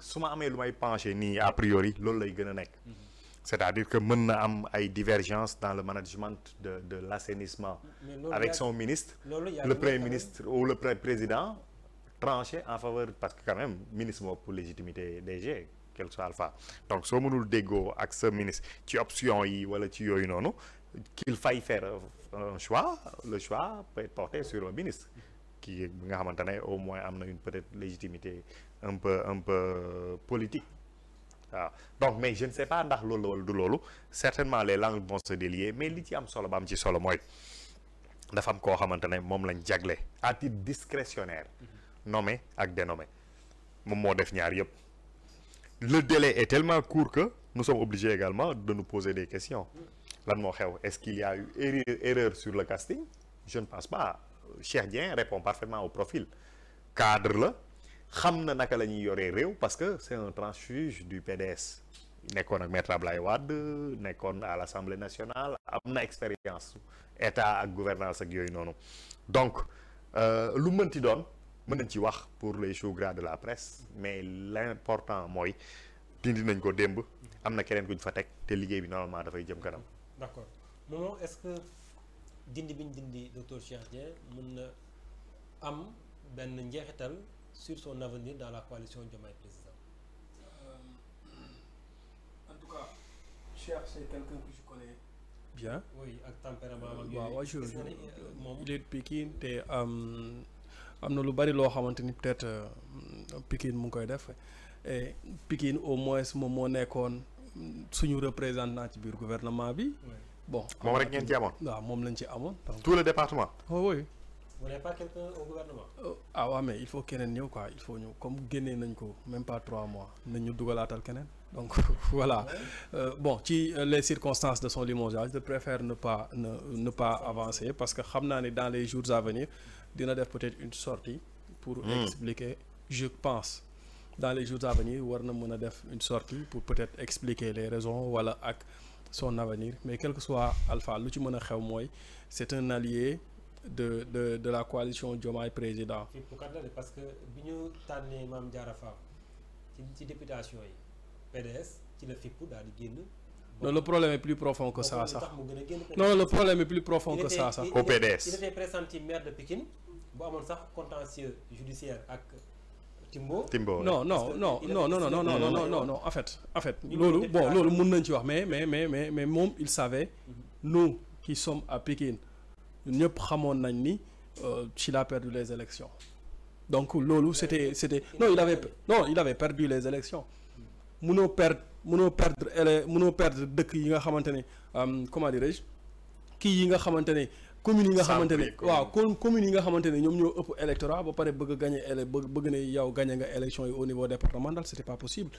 suma amé amee may a priori lolou lay c'est-à-dire que mën na am ay divergence dans le management de l'assainissement avec son ministre le premier ministre ou le président tranché en faveur parce que quand même ministre pour pour légitimité DG quel soit alpha donc so mënul dégo ak ce ministre ci option yi wala ci yooyu nonou qu'il faille faire euh, un choix le choix peut être porté sur le ministre qui au moins une peut-être légitimité un peu un peu politique donc mais je ne sais pas ndax loolu wala certainement les langues vont se délier mais li ci am solo bam ci solo moy dafa am ko mom lañ jaglé à titre discrétionnaire mm-hmm. nommé ak dénommé mom mo def ñaar yépp le délai est tellement court que nous sommes obligés également de nous poser des questions mm. lan mo xew est-ce qu'il y a eu erreur sur le casting je ne pense pas Cheikh répond parfaitement au profil cadre là xamna na naka la yoré rew parce que c'est un transfuge du PDS nekkoon ak maître Ablaye Wade nekkoon à l'Assemblée nationale amna na expérience état ak gouvernance ak yoy nonou donc euh, lu mënti doon mën ci wax pour les choux gras de la presse mais l'important moy dindi nañ ko demb am na keneen ku fa tek té liggéey bi normalement fay jëm kanam. d'accord Momo est-ce que dindi dindi docteur Cheikh Dieng mën am ben sur son avenir dans la coalition Diomaye Président. Euh, en tout cas Cheikh c'est quelqu'un que je connais. bien oui ak tempérament ak waaw je euh, moom il est Pikine te am amna lu bari lo xamanteni peut-être euh, Pikine mu koy def et Pikine au moins moom moo nekkoon suñu représentant ci biir gouvernement bi bon mon rek ngeen ci amoon. lañ ci tout le département. oh oui. vous n'avez pas quelqu'un au gouvernement. Euh, ah mais il faut quelqu'un ñeu quoi il faut ñu comme Guéné, nañ ko même pas trois mois nañ ñu dugalaatal quelqu'un. donc voilà euh, bon euh, les circonstances de son limogeage je préfère ne pas ne pas avancer parce que dans les jours à venir dina def peut-être une sortie pour hmm. expliquer je pense dans les jours à venir il y aura une sortie pour peut-être expliquer les raisons voilà, son avenir mais quel que soit Alpha lu ci mën a xew mooy c'est un allié de de de la coalition Diomaye président. fii bu kat parce que bi ñu tànnee Mame Diarra Fam ci ci députation yi PDS ci la fipp daal di génn. non le problème est plus profond que ça ça. non le problème est plus profond que ça ça. au PDS il était pressenti maire de Pikine bu amoon sax contentieux judiciaire ak. Timbo Timbo non non non non non non non non non non non en fait en fait lolu bon lolu mën nañ ci wax mais mais mais mais mais mom il savait mhm. nous qui sommes à Pékin ñun ñëpp xamoon nañ ni euh, Chili a perdu les élections donc lolu c'était c'était non il avait non il avait perdu les élections mënoo perdre mënoo perdre ele mënoo perdre dëkk yi nga xamantene comment dirais-je qui yi nga xamantene commune yi nga xamante ne waaw commune yi nga xamante ñom ñoo ëpp électorat ba paré bëgg gagner, gagné bëgg ne yow gagner nga élection yi au niveau départemental c'était pas possible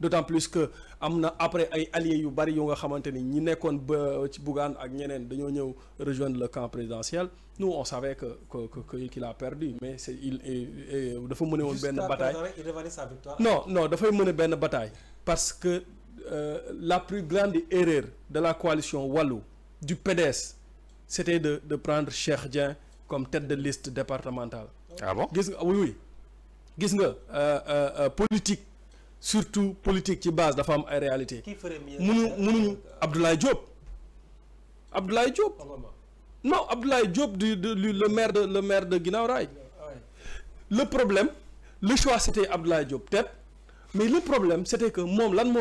d'autant plus que amna après ay alliés yu bari yu nga xamanteni ni ñi nekkoon ba ci Bougane ak ñeneen dañoo ñëw rejoindre le camp présidentiel nous on savait que que que qu'il a perdu mais c'est il dafa mëne won ben bataille non non dafay mëne ben bataille parce que euh, la plus grande erreur de la coalition Wallou du PDS c'était de, de prendre Cheikh Dien comme tête de liste départementale. Ah bon oui oui gis nga euh, euh, euh politique surtout politique qui base la femme la réalité Qui ferait mieux Abdoulaye Diop Abdoulaye Diop non Abdoulaye Diop du de, le maire de le maire de Guinaw le problème le choix c'était Abdoulaye Diop peut-être. mais le problème c'était que moi lan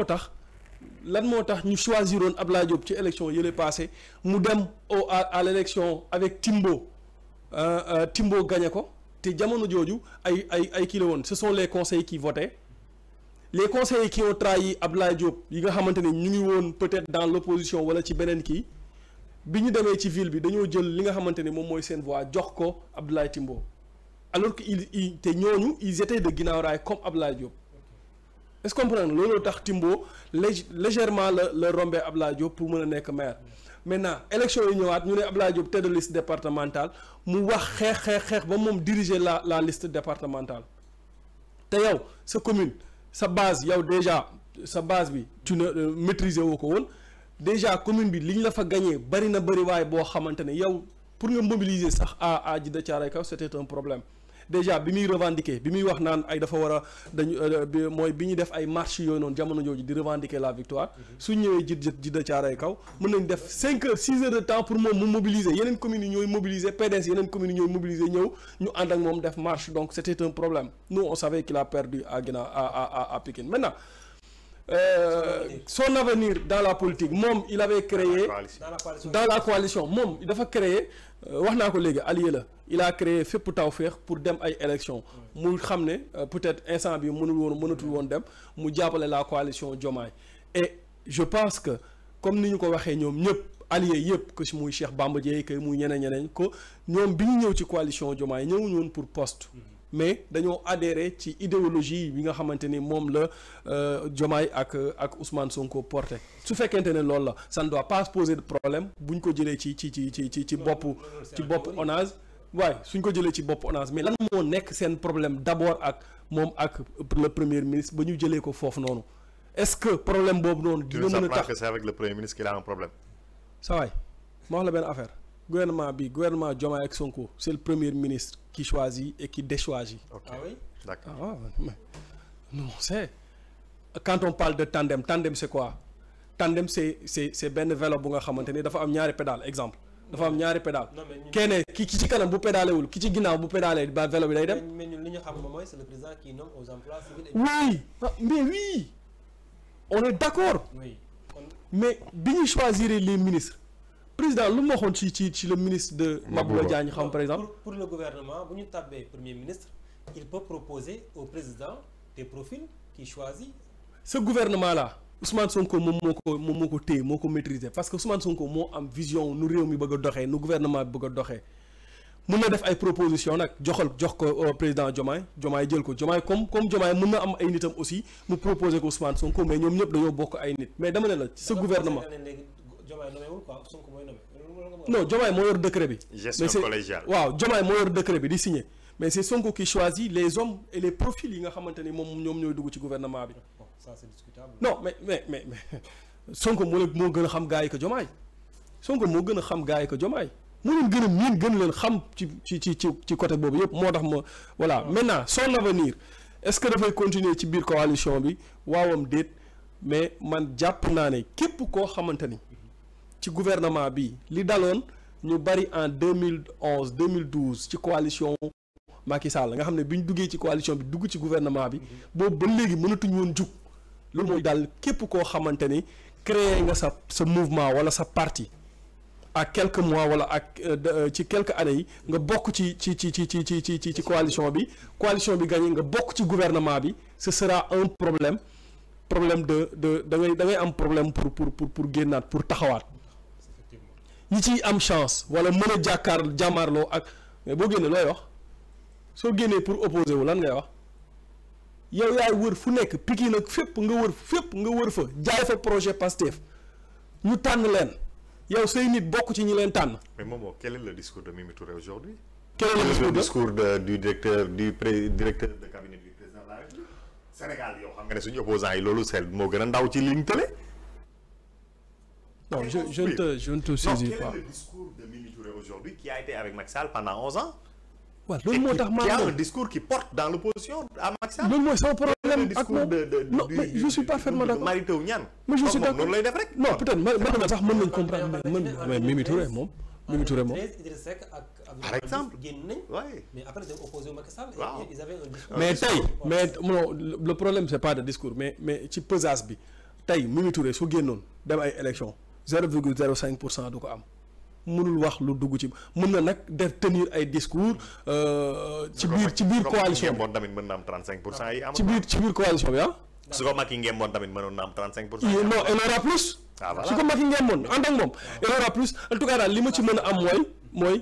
lan moo tax ñu choisiroon Abdoulaye Diop ci élection yële passé mu dem au à à l' élection avec Timbo euh, euh, Timbo gagné ko te jamono jooju ay ay ay kii woon ce sont les conseils qui votaient les conseillers qui ont trahi Abdoulaye Diop nga xamante ne ñu ngi woon peut-être dans l' opposition wala ci beneen kii bi ñu demee ci ville bi dañoo jël li nga xamante ne moom mooy seen voix jox ko Abdoulaye Timbo alors que il te ñooñu ils étaient de ginnaaw raay comme Abdoulaye Diop. est-ce qu'on comprendre loolu tax Timbo légèrement le la rombee Abdoulaye Diop pour mën nek maire maintenant élection yi ñëwaat ñu né Abdoulaye Diop tête de liste départementale mu wax xex xex xex ba mom diriger la la liste départementale té yow sa commune sa base yow déjà sa base bi tu ne euh, maîtriser woo déjà commune bi liñ la fa gagné bari na bari way bo xamantene yow pour nga mobiliser sax à à Djiddah Thiaroye Kaw c'était un problème déjà bi muy revendiquer bi muy wax naan ay dafa war a dañu euh, mooy bi ñuy def ay marche yooyu noonu jamono jooju di revendiquer la victoire mhm. su ñëwee jit ji da caaray kaw mën nañ def 5 heures 6 heures de temps pour moom mu mobiliser yeneen communes yi ñooy mobiliser PDS yeneen communes yi ñooy mobiliser ñëw ñu ànd ak moom def marche donc c'était un problème nous on savait qu'il a perdu à Guinaw à à à Pikine maintenant euh, son avenir dans la politique Mom, il avait créé dans la coalition il dafa créé créer. Euh, naa ko léegi allié là. il a créé fait pour t'offrir pour dem ay élection mu xam euh, peut-être instant bi mënul woon mënatul woon dem la coalition Diomaye et je pense que comme nous nous ko waxee ñoom allié yëpp que si muy Cheikh Bamba Dièye que muy ñeneen ñeneen ko ñoom bi ñu ñëw ci coalition Diomaye ñëwuñu woon pour poste mm-hmm. mais dañoo adhéré ci idéologie bi nga xamante ni moom la euh, Diomaye ak ak Ousmane Sonko porte su fekkente ne loolu la ça ne doit pas poser de problème buñ ko jëlee ci ci ci ci ci ci bopp ci bopp ONAS waaye suñ ko jëlee ci bopp ONAS mais lan moo nekk seen problème d'abord ak moom ak le premier ministre ba ñu jëlee ko foofu noonu est-ce que problème boobu noonu. dina mën a tax que c'est le premier ministre qu'il a un problème. saa waay ma wax la benn affaire. gouvernement bi gouvernement Joma Exonko, c'est le premier ministre qui choisit et qui déchoisit. ah oui d'accord ah, non c'est quand on parle de tandem tandem c'est quoi tandem c'est c'est c'est benn vélo bu nga xamantene on dafa am ñaari pédale exemple. dafa am ñaari pédale. kené ki ki ci kanam bu pédalewul ki ci ginnaaw bu pédalee ba vélo bi day dem. mais ñun xam c'est le président qui nomme aux emplois civils. oui ah, mais oui on est d'accord. oui mais biñu choisir les ministres président lu mu ci ci ci le ministre de Mabouba Diagne xam par exemple pour le gouvernement buñu tabé premier ministre il peut proposer au président des profils qu'il choisit ce gouvernement là Ousmane Sonko mom moko ko moom moo maîtriser parce que Ousmane Sonko mo am vision nu réew mi bëgg doxé doxee nu gouvernement bëgg doxé doxee na def ay proposition nak joxal jox ko euh, président Diomaye Diomaye jël ko Diomaye comme comme Diomaye mun na am ay nitam aussi mu proposer ko Ousmane Sonko mais ñom ñëpp dañu bokk ay nit mais dama né la ce gouvernement non est décret bi. gestion collégiale Wow, décret mais c'est son qui choisit les hommes et les profils gouvernement ça discutable. non mais mais mais Sonko le a xam gars que Sonko moo gën a xam que voilà ah. maintenant son avenir est ce que continuer ci coalition mais man qui képp ci gouvernement bi li dalone ñu bari en 2011 2012 ci coalition Macky Sall nga xamné buñ duggé ci coalition bi dugg ci gouvernement bi bo ba léegi mënatuñ won juk lu moy dal képp ko xamante ni créer nga sa ce mouvement wala sa parti à quelques mois wala ak euh, euh, ci quelques années nga bok ci ci ci ci ci ci ci ci coalition bi coalition bi gagné nga bok ci gouvernement bi ce sera un problème problème de de da ngay da ngay am problème pour pour pour pour génnaat pour taxawaat ñi ciy am chance wala mën a jàkkaar jàmmaarloo ak mais boo génnee looy wax soo génnee pour opposer wu lan ngay wax yow yaay wër fu nekk Pikine nag fépp nga wër fépp nga wër fa jaay fa projet Pastef ñu tànn leen yow say nit bokk ci ñi leen tànn. mais Momo quel est le discours de Mimi Touré aujourd'hui quel est le discours, de... discours de, du directeur du pré, directeur de cabinet du président de la République Sénégal yow xam nga suñu opposants yi loolu seen moo gën a ndaw ci ligne télé. Non, je, je, ne te, je, ne te, saisis pas. Quel est le discours de Mimi Touré aujourd'hui qui a été avec Maxal pendant 11 ans ouais, y qui, a un discours qui porte dans l'opposition à Maxal Non, moi, sans problème. Le discours de, non, du, mais je suis parfaitement d'accord. Marie Taounian. Mais je suis d'accord. Non, peut-être. Madame Zah, je pas. Mais Mimi Touré, Mimi Touré, moi. Par exemple. Mais après, ils ont opposé au Macky Ils avaient un discours. Mais, mais le problème, ce n'est pas le discours. Mais, mais tu peux asbi. bi. Taï, Mimi Touré, si vous avez une élection. 0,05% du ko am mënul wax lu dugg ci mën na nak def tenir ay discours euh ci biir ci biir coalition bon tamit mën na am 35% ah. yi am ci biir ci biir coalition ya su ko maki ngeen bon tamit mënon na am 35% non elle aura plus ah, voilà. su ko maki ngeen bon en mom ah. elle aura plus en tout cas là li ma ci mëna am moy moy